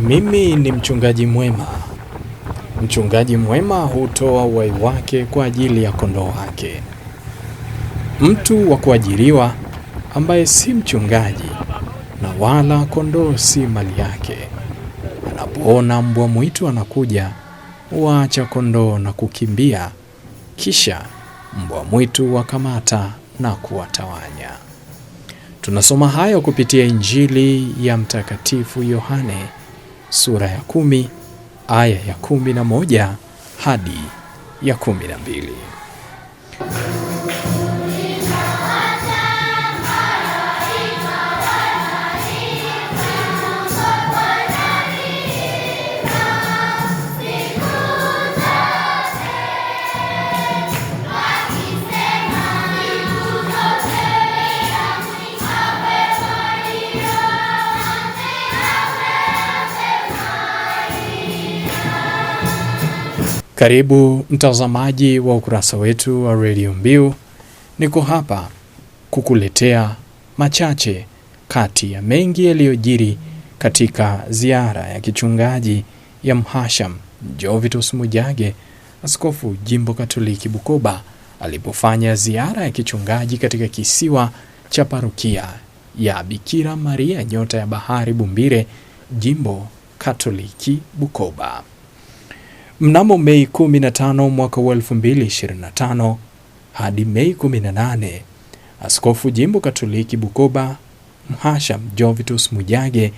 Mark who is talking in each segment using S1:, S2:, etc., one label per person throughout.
S1: Mimi ni mchungaji mwema. Mchungaji mwema hutoa uhai wake kwa ajili ya kondoo wake. Mtu wa kuajiriwa ambaye si mchungaji na wala kondoo si mali yake, anapoona mbwa mwitu anakuja, waacha kondoo na kukimbia, kisha mbwa mwitu wakamata na kuwatawanya. Tunasoma hayo kupitia Injili ya Mtakatifu Yohane sura ya kumi aya ya kumi na moja hadi ya kumi na mbili. Karibu mtazamaji wa ukurasa wetu wa redio Mbiu. Niko hapa kukuletea machache kati ya mengi yaliyojiri katika ziara ya kichungaji ya Mhasham Jovitus Mujage, askofu jimbo Katoliki Bukoba, alipofanya ziara ya kichungaji katika kisiwa cha parokia ya Bikira Maria Nyota ya Bahari Bumbire, jimbo Katoliki Bukoba. Mnamo Mei 15 mwaka 2025 hadi Mei 18, Askofu Jimbo Katoliki Bukoba Mhasham Jovitus Mujage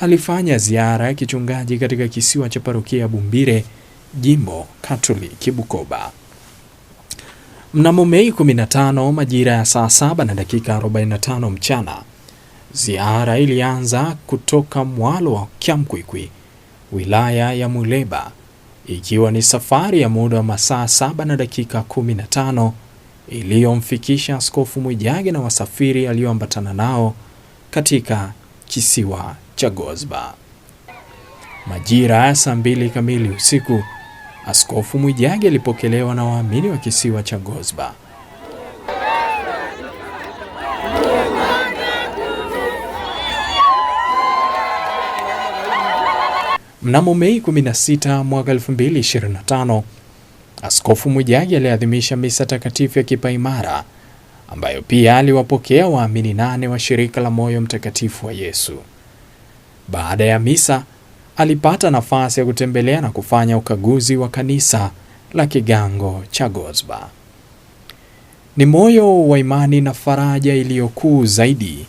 S1: alifanya ziara ya kichungaji katika kisiwa cha parokia Bumbire, Jimbo Katoliki Bukoba. Mnamo Mei 15 majira ya saa saba na dakika 45 mchana, ziara ilianza kutoka mwalo wa Kyamkwikwi, wilaya ya Muleba ikiwa ni safari ya muda wa masaa saba na dakika 15 iliyomfikisha Askofu Mwijage na wasafiri aliyoambatana nao katika kisiwa cha Gozba. Majira ya saa mbili kamili usiku, Askofu Mwijage alipokelewa na waamini wa kisiwa cha Gozba. Mnamo Mei 16 mwaka 2025, Askofu Mwijage aliadhimisha misa takatifu ya kipaimara ambayo pia aliwapokea waamini nane wa shirika la Moyo Mtakatifu wa Yesu. Baada ya misa, alipata nafasi ya kutembelea na kufanya ukaguzi wa kanisa la kigango cha Gozba. Ni moyo wa imani na faraja iliyokuu zaidi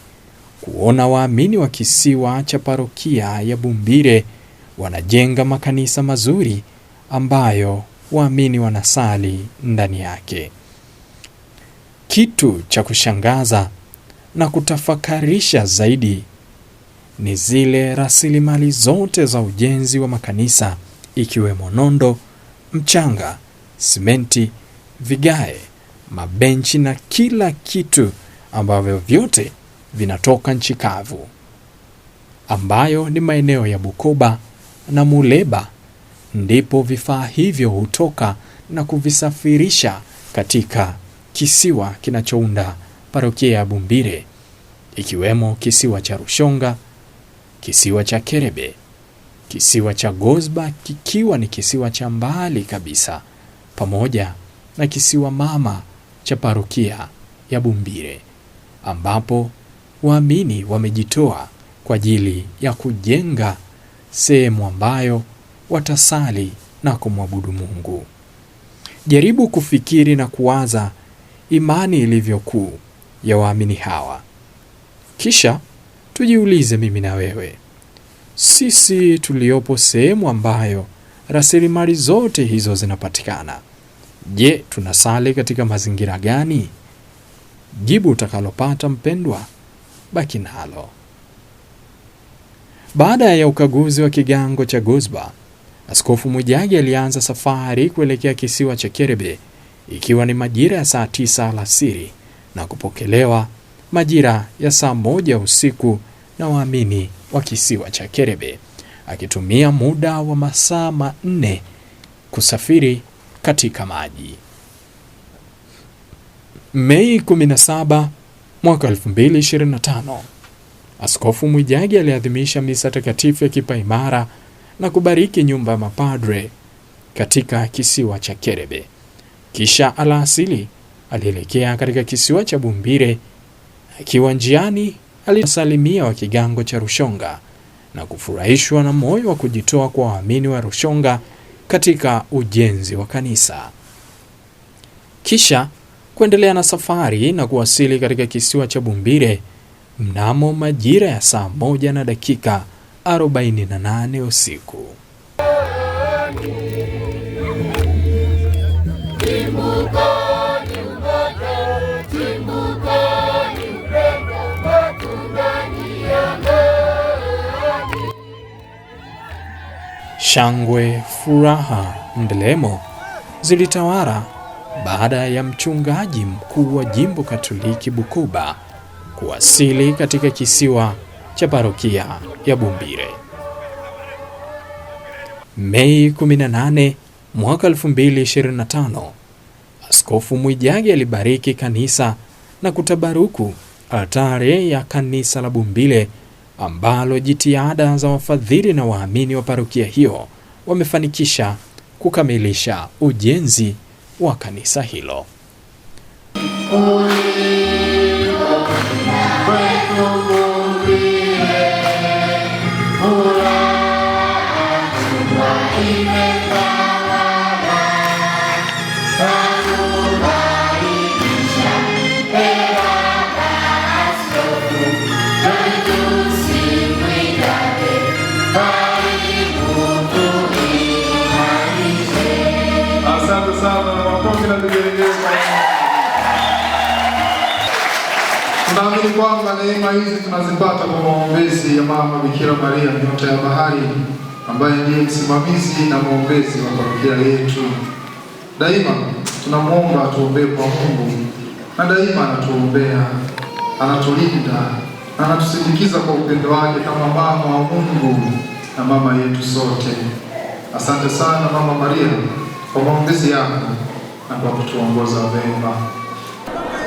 S1: kuona waamini wa kisiwa cha parokia ya Bumbire wanajenga makanisa mazuri ambayo waamini wanasali ndani yake. Kitu cha kushangaza na kutafakarisha zaidi ni zile rasilimali zote za ujenzi wa makanisa ikiwemo nondo, mchanga, simenti, vigae, mabenchi na kila kitu ambavyo vyote vinatoka nchi kavu ambayo ni maeneo ya Bukoba na Muleba, ndipo vifaa hivyo hutoka na kuvisafirisha katika kisiwa kinachounda parokia ya Bumbire, ikiwemo kisiwa cha Rushonga, kisiwa cha Kerebe, kisiwa cha Gozba kikiwa ni kisiwa cha mbali kabisa, pamoja na kisiwa mama cha parokia ya Bumbire ambapo waamini wamejitoa kwa ajili ya kujenga sehemu ambayo watasali na kumwabudu Mungu. Jaribu kufikiri na kuwaza imani ilivyokuu ya waamini hawa, kisha tujiulize, mimi na wewe, sisi tuliopo sehemu ambayo rasilimali zote hizo zinapatikana, je, tunasali katika mazingira gani? Jibu utakalopata mpendwa, baki nalo. Baada ya ukaguzi wa kigango cha Gozba, Askofu Mwijage alianza safari kuelekea kisiwa cha Kerebe ikiwa ni majira ya saa tisa alasiri na kupokelewa majira ya saa moja usiku na waamini wa kisiwa cha Kerebe akitumia muda wa masaa manne kusafiri katika maji. Mei 17 mwaka 2025 Askofu Mwijage aliadhimisha misa takatifu ya kipaimara na kubariki nyumba ya mapadre katika kisiwa cha Kerebe. Kisha alaasili alielekea katika kisiwa cha Bumbire. Akiwa njiani, alisalimia wa kigango cha Rushonga na kufurahishwa na moyo wa kujitoa kwa waamini wa Rushonga katika ujenzi wa kanisa, kisha kuendelea na safari na kuwasili katika kisiwa cha Bumbire mnamo majira ya saa moja na dakika 48 usiku. Shangwe, furaha, ndelemo zilitawara baada ya mchungaji mkuu wa jimbo Katoliki Bukoba kuwasili katika kisiwa cha parokia ya Bumbire Mei 18 mwaka 2025. Askofu Mwijage alibariki kanisa na kutabaruku altare ya kanisa la Bumbire ambalo jitihada za wafadhili na waamini wa parokia hiyo wamefanikisha kukamilisha ujenzi wa kanisa hilo. break the rules. neema hizi tunazipata kwa maombezi ya Mama Bikira Maria nyota ya bahari, ambaye ndiye msimamizi na maombezi wa familia yetu. Daima tunamwomba atuombee kwa Mungu, na daima anatuombea, anatulinda na anatusindikiza kwa upendo wake kama mama wa Mungu na mama yetu sote. Asante sana Mama Maria kwa maombezi yako na kwa kutuongoza wema.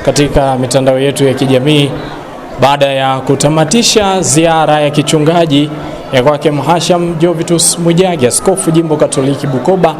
S1: Katika mitandao yetu ya kijamii baada ya kutamatisha ziara ya kichungaji ya kwake Mhasham Jovitus Mwijage, askofu jimbo Katoliki Bukoba,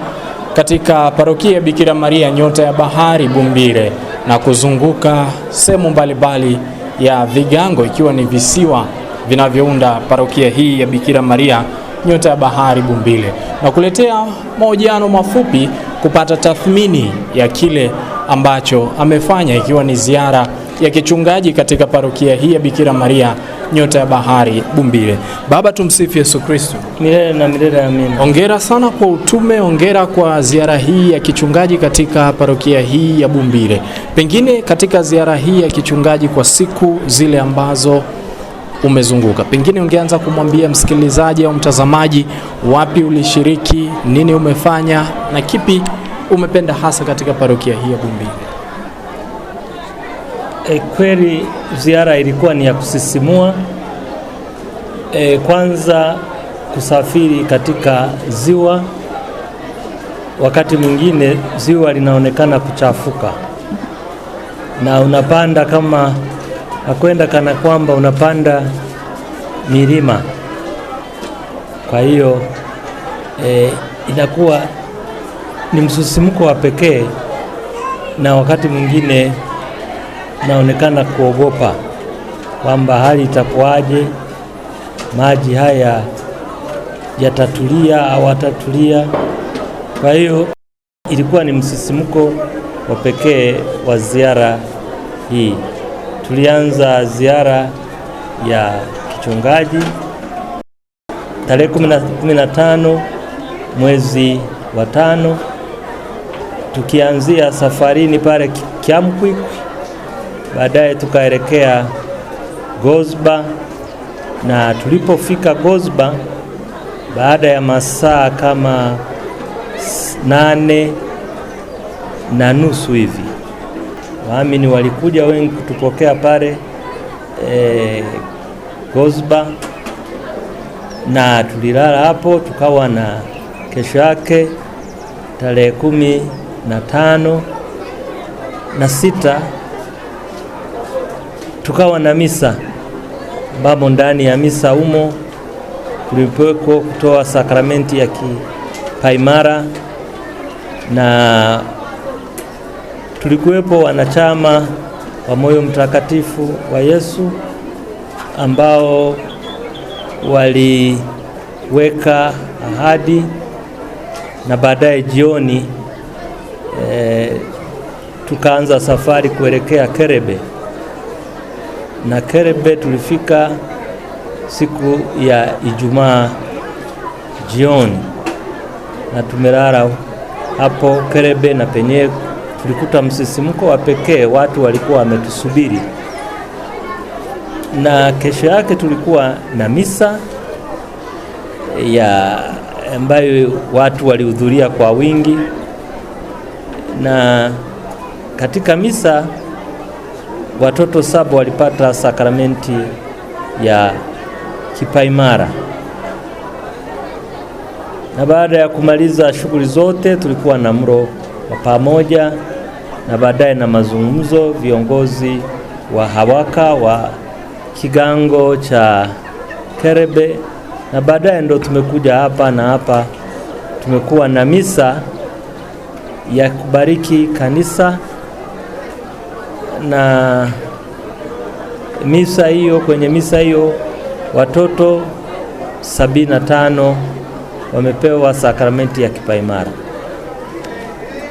S1: katika parokia ya Bikira Maria Nyota ya Bahari Bumbire, na kuzunguka sehemu mbalimbali ya Vigango, ikiwa ni visiwa vinavyounda parokia hii ya Bikira Maria Nyota ya Bahari Bumbire, na kuletea mahojiano mafupi kupata tathmini ya kile ambacho amefanya, ikiwa ni ziara ya kichungaji katika parokia hii ya Bikira Maria Nyota ya Bahari Bumbire. Baba, tumsifu Yesu Kristo
S2: milele na milele, amina.
S1: Hongera sana kwa utume, hongera kwa ziara hii ya kichungaji katika parokia hii ya Bumbire. Pengine katika ziara hii ya kichungaji kwa siku zile ambazo umezunguka, pengine ungeanza kumwambia msikilizaji au mtazamaji, wapi ulishiriki, nini umefanya na kipi umependa hasa katika parokia hii ya Bumbire?
S2: E, kweli ziara ilikuwa ni ya kusisimua. E, kwanza kusafiri katika ziwa, wakati mwingine ziwa linaonekana kuchafuka na unapanda kama nakwenda kana kwamba unapanda milima. Kwa hiyo e, inakuwa ni msisimko wa pekee na wakati mwingine naonekana kuogopa kwamba hali itakuwaje, maji haya yatatulia au atatulia? Kwa hiyo ilikuwa ni msisimko wa pekee wa ziara hii. Tulianza ziara ya kichungaji tarehe 15 mwezi wa tano, tukianzia safarini pale Kyamkwikwi baadaye tukaelekea Gozba, na tulipofika Gozba baada ya masaa kama nane na nusu hivi, waamini walikuja wengi kutupokea pale e, eh, Gozba na tulilala hapo, tukawa na kesho yake tarehe kumi na tano na sita tukawa na misa babo. Ndani ya misa humo tulipweko kutoa sakramenti ya kipaimara na tulikuwepo wanachama wa Moyo Mtakatifu wa Yesu ambao waliweka ahadi na baadaye jioni e, tukaanza safari kuelekea Kerebe na Kerebe tulifika siku ya Ijumaa jioni na tumelala hapo Kerebe, na penye tulikuta msisimko wa pekee, watu walikuwa wametusubiri, na kesho yake tulikuwa na misa ya ambayo watu walihudhuria kwa wingi, na katika misa watoto saba walipata sakramenti ya kipaimara, na baada ya kumaliza shughuli zote tulikuwa na mlo wa pamoja na baadaye na mazungumzo. Viongozi wa hawaka wa kigango cha Kerebe na baadaye ndo tumekuja hapa na hapa tumekuwa na misa ya kubariki kanisa na misa hiyo, kwenye misa hiyo watoto sabini tano wamepewa sakramenti ya kipaimara.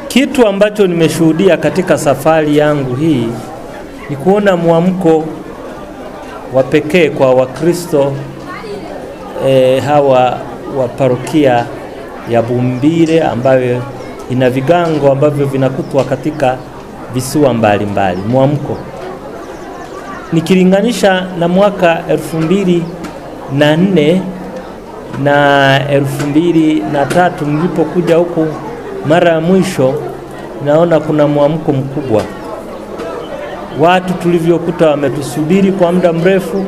S2: Kitu ambacho nimeshuhudia katika safari yangu hii ni kuona mwamko wa pekee kwa Wakristo e, hawa wa parokia ya Bumbire ambayo ina vigango ambavyo vinakutwa katika visiwa mbalimbali Mwamko nikilinganisha na mwaka elfu mbili na nne na elfu mbili na tatu nilipokuja huku mara ya mwisho, naona kuna mwamko mkubwa. Watu tulivyokuta wametusubiri kwa muda mrefu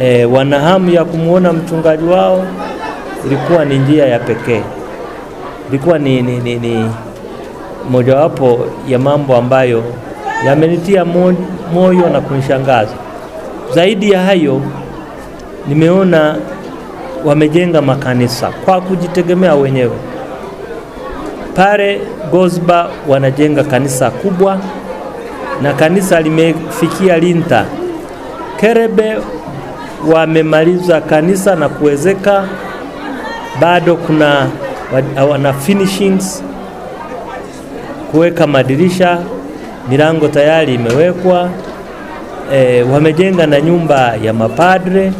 S2: e, wana hamu ya kumwona mchungaji wao. Ilikuwa ni njia ya pekee, ilikuwa ni, ni, ni, ni mojawapo ya mambo ambayo yamenitia moyo na kunishangaza. Zaidi ya hayo, nimeona wamejenga makanisa kwa kujitegemea wenyewe. Pale Gozba wanajenga kanisa kubwa na kanisa limefikia linta. Kerebe wamemaliza kanisa na kuwezeka, bado kuna wana finishings kuweka madirisha, milango tayari imewekwa. E, wamejenga na nyumba ya mapadre,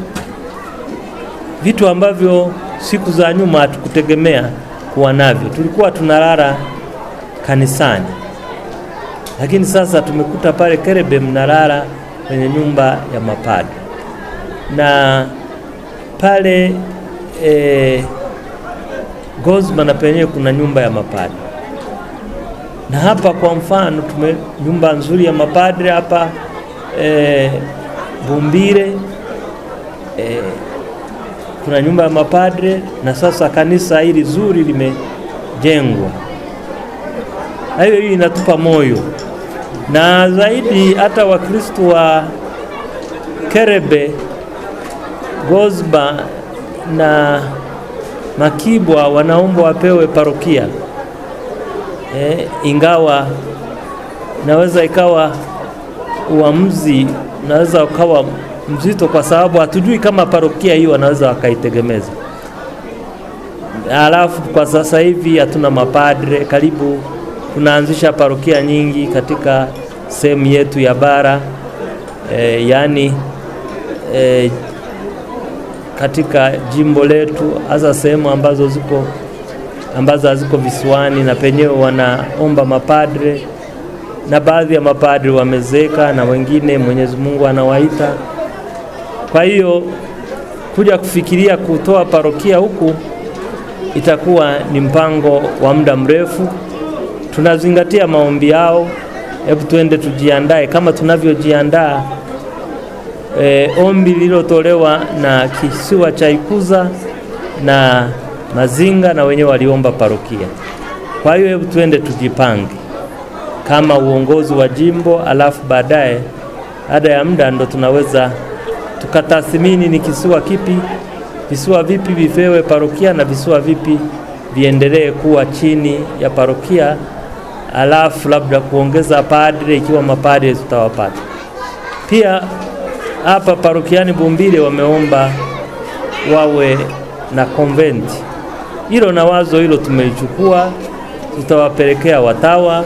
S2: vitu ambavyo siku za nyuma hatukutegemea kuwa navyo. Tulikuwa tunalala kanisani, lakini sasa tumekuta pale Kerebe mnalala kwenye nyumba ya mapadre na pale e, Gozma na penyewe kuna nyumba ya mapadre na hapa kwa mfano tume nyumba nzuri ya mapadre hapa e, Bumbire e, kuna nyumba ya mapadre na sasa kanisa hili zuri limejengwa. Hayo hii inatupa moyo na zaidi hata Wakristo wa Kerebe, Gozba na Makibwa wanaomba wapewe parokia eh, ingawa naweza ikawa uamuzi unaweza ukawa mzito, kwa sababu hatujui kama parokia hiyo wanaweza wakaitegemeza. Alafu kwa sasa hivi hatuna mapadre karibu, tunaanzisha parokia nyingi katika sehemu yetu ya bara eh, yaani eh, katika jimbo letu hasa sehemu ambazo ziko ambazo haziko visiwani, na penyewe wanaomba mapadre, na baadhi ya mapadre wamezeeka na wengine Mwenyezi Mungu anawaita. Kwa hiyo kuja kufikiria kutoa parokia huku itakuwa ni mpango wa muda mrefu. Tunazingatia maombi yao. Hebu tuende tujiandae kama tunavyojiandaa e, ombi lililotolewa na kisiwa cha Ikuza na Mazinga na wenyewe waliomba parokia. Kwa hiyo hebu tuende tujipange kama uongozi wa jimbo, alafu baadaye baada ya muda ndo tunaweza tukatathmini ni kisiwa kipi, visiwa vipi vipewe parokia na visiwa vipi viendelee kuwa chini ya parokia, alafu labda kuongeza padre ikiwa mapadre tutawapata. Pia hapa parokiani Bumbire wameomba wawe na konventi hilo na wazo hilo tumeichukua, tutawapelekea watawa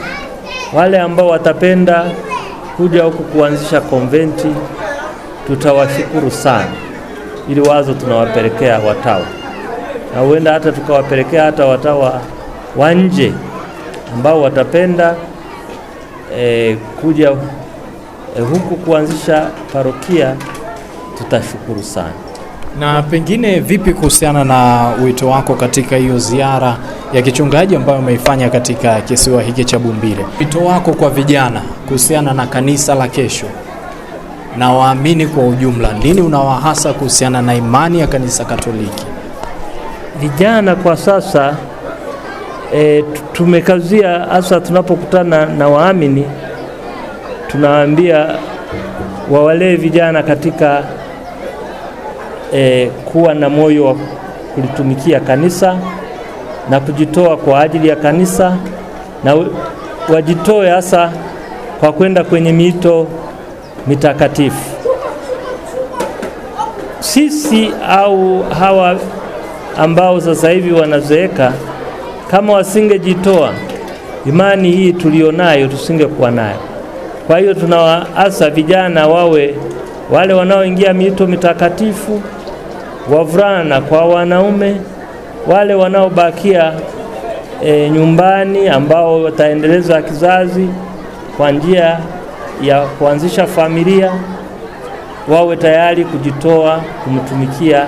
S2: wale ambao watapenda kuja huku kuanzisha konventi, tutawashukuru sana. Ili wazo tunawapelekea watawa, na huenda hata tukawapelekea hata watawa wa nje ambao watapenda e, kuja e, huku kuanzisha parokia, tutashukuru sana.
S1: Na pengine vipi kuhusiana na wito wako katika hiyo ziara ya kichungaji ambayo umeifanya katika kisiwa hiki cha Bumbire? Wito wako kwa vijana kuhusiana na kanisa la kesho na waamini kwa ujumla, nini unawahasa kuhusiana na imani ya kanisa Katoliki?
S2: Vijana kwa sasa e, tumekazia hasa tunapokutana na waamini tunawaambia wawalee vijana katika e, kuwa na moyo wa kulitumikia kanisa na kujitoa kwa ajili ya kanisa, na wajitoe hasa kwa kwenda kwenye miito mitakatifu. Sisi au hawa ambao sasa hivi wanazeeka, kama wasingejitoa, imani hii tulionayo tusingekuwa nayo. Kwa hiyo tunawaasa vijana wawe wale wanaoingia miito mitakatifu wavulana kwa wanaume wale wanaobakia e, nyumbani ambao wataendeleza kizazi kwa njia ya kuanzisha familia wawe tayari kujitoa kumtumikia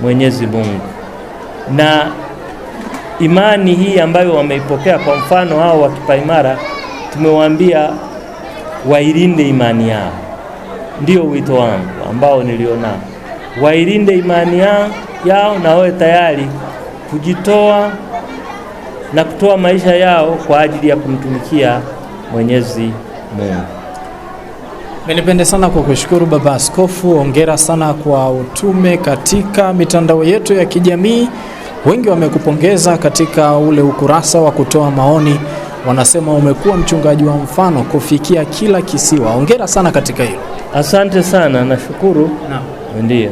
S2: Mwenyezi Mungu. Na imani hii ambayo wameipokea, kwa mfano hao wa Kipaimara, tumewaambia wailinde imani yao. Ndio wito wangu ambao nilionao wailinde imani yao, na wawe tayari kujitoa na kutoa maisha yao kwa ajili ya kumtumikia Mwenyezi Mungu.
S1: Nipende sana kwa kushukuru Baba Askofu, ongera sana kwa utume katika mitandao yetu ya kijamii. Wengi wamekupongeza katika ule ukurasa wa kutoa maoni, wanasema umekuwa mchungaji wa mfano kufikia kila kisiwa. Ongera sana katika hilo.
S2: Asante sana, nashukuru. Naam.
S1: Ndio.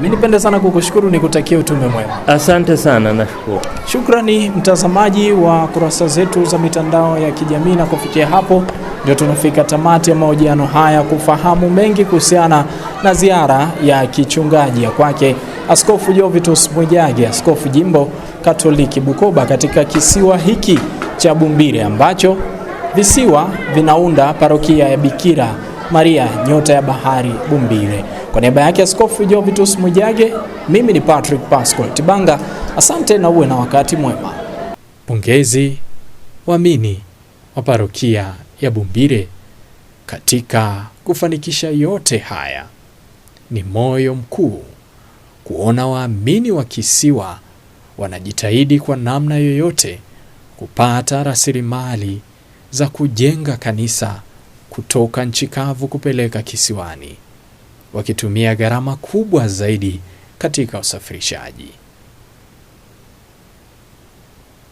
S1: Mi nipende sana kukushukuru, nikutakia utume mwema.
S2: Asante sana, nashukuru.
S1: Shukrani mtazamaji wa kurasa zetu za mitandao ya kijamii, na kufikia hapo ndio tunafika tamati ya mahojiano haya kufahamu mengi kuhusiana na ziara ya kichungaji ya kwake Askofu Jovitus Mwijage, askofu jimbo Katoliki Bukoba, katika kisiwa hiki cha Bumbire ambacho visiwa vinaunda parokia ya Bikira Maria, nyota ya bahari Bumbire. Kwa niaba yake Askofu Jovitus Mwijage, mimi ni Patrick Pascal Tibanga, asante na uwe na wakati mwema. Pongezi waamini wa parokia ya Bumbire katika kufanikisha yote haya. Ni moyo mkuu kuona waamini wa kisiwa wanajitahidi kwa namna yoyote kupata rasilimali za kujenga kanisa kutoka nchi kavu kupeleka kisiwani wakitumia gharama kubwa zaidi katika usafirishaji.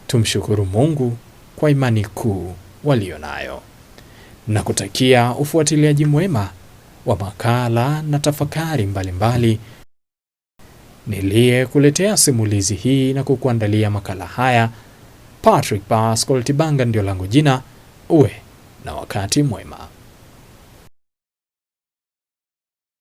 S1: Tumshukuru Mungu kwa imani kuu walionayo na kutakia ufuatiliaji mwema wa makala na tafakari mbalimbali. Niliyekuletea simulizi hii na kukuandalia makala haya Patrick Pascal Tibanga ndio langu jina. Uwe na wakati mwema.